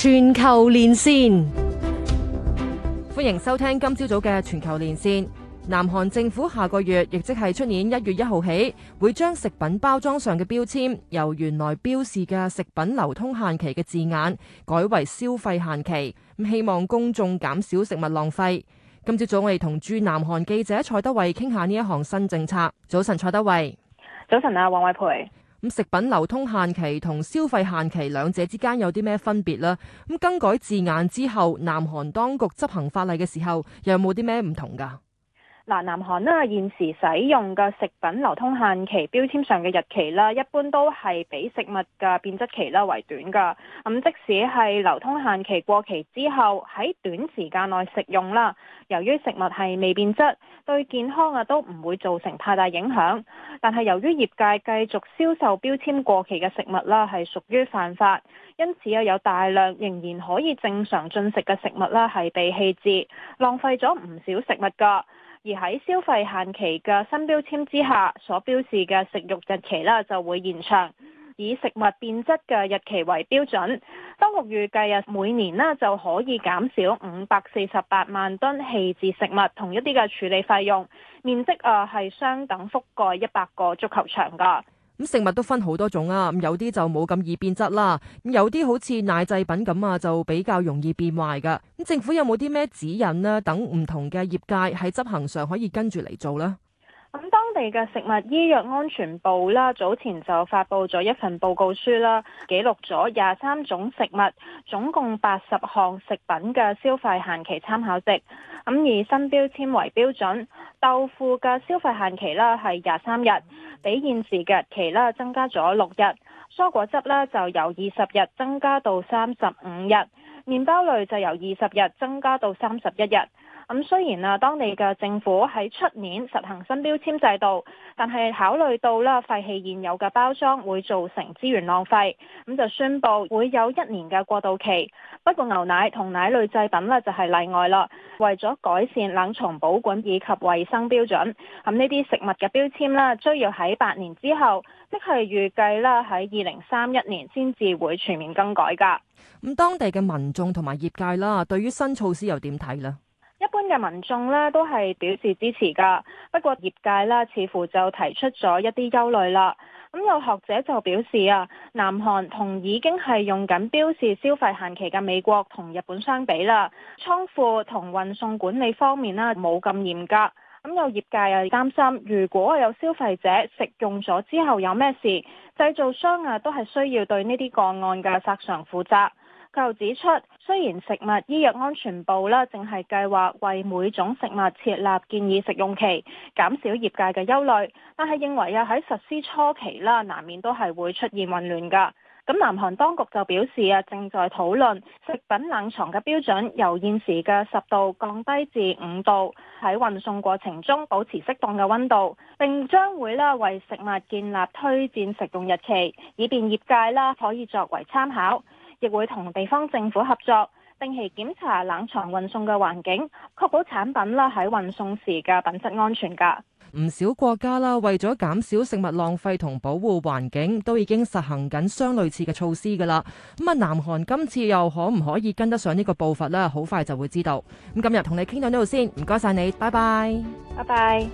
全球連線，歡迎收聽今朝早嘅全球連線。南韓政府下個月，亦即係出年一月一號起，會將食品包裝上嘅標籤由原來標示嘅食品流通限期嘅字眼改為消費限期。咁希望公眾減少食物浪費。今朝早我哋同駐南韓記者蔡德蕙傾下呢一項新政策。早晨，蔡德蕙。早晨啊，王慧蓓。咁食品流通限期同消費限期兩者之間有啲咩分別呢？咁更改字眼之後，南韓當局執行法例嘅時候，又有冇啲咩唔同噶？嗱，南韓現時使用嘅食品流通限期標籤上嘅日期啦，一般都係比食物嘅變質期啦為短㗎。咁即使係流通限期過期之後，喺短時間內食用啦，由於食物係未變質，對健康啊都唔會造成太大影響。但係由於業界繼續銷售標籤過期嘅食物啦，係屬於犯法，因此啊有大量仍然可以正常進食嘅食物啦係被棄置，浪費咗唔少食物㗎。而喺消費限期嘅新標籤之下，所標示嘅食用日期啦就會延長，以食物變質嘅日期為標準。當局預計啊，每年啦就可以減少五百四十八萬噸棄置食物同一啲嘅處理費用，面積啊係相等覆蓋一百個足球場噶。咁食物都分好多種啊，咁有啲就冇咁易變質啦，咁有啲好似奶製品咁啊，就比較容易變壞噶。咁政府有冇啲咩指引啊？等唔同嘅業界喺執行上可以跟住嚟做咧？咁當地嘅食物醫藥安全部啦，早前就發布咗一份報告書啦，記錄咗廿三種食物，總共八十項食品嘅消費限期參考值。咁以新標籤為標準，豆腐嘅消費限期啦係廿三日，比現時嘅日期啦增加咗六日。蔬果汁呢就由二十日增加到三十五日，麵包類就由二十日增加到三十一日。咁雖然啊，當地嘅政府喺出年實行新標籤制度，但係考慮到啦廢棄現有嘅包裝會造成資源浪費，咁就宣布會有一年嘅過渡期。不過牛奶同奶類製品呢，就係例外啦，為咗改善冷藏保管以及衛生標準，咁呢啲食物嘅標籤咧需要喺八年之後，即係預計啦喺二零三一年先至會全面更改㗎。咁當地嘅民眾同埋業界啦，對於新措施又點睇呢？嘅民眾呢都係表示支持噶，不過業界呢似乎就提出咗一啲憂慮啦。咁有學者就表示啊，南韓同已經係用緊標示消費限期嘅美國同日本相比啦，倉庫同運送管理方面呢冇咁嚴格。咁有業界又擔心，如果有消費者食用咗之後有咩事，製造商啊都係需要對呢啲個案嘅索償負責。就指出，雖然食物醫藥安全部啦，淨係計劃為每種食物設立建議食用期，減少業界嘅憂慮，但係認為啊喺實施初期啦，難免都係會出現混亂噶。咁南韓當局就表示啊，正在討論食品冷藏嘅標準由現時嘅十度降低至五度，喺運送過程中保持適當嘅溫度，並將會咧為食物建立推薦食用日期，以便業界啦可以作為參考。亦會同地方政府合作，定期檢查冷藏運送嘅環境，確保產品啦喺運送時嘅品質安全噶。唔少國家啦，為咗減少食物浪費同保護環境，都已經實行緊相類似嘅措施噶啦。咁啊，南韓今次又可唔可以跟得上呢個步伐呢？好快就會知道。咁今日同你傾到呢度先，唔該曬你，拜拜，拜拜。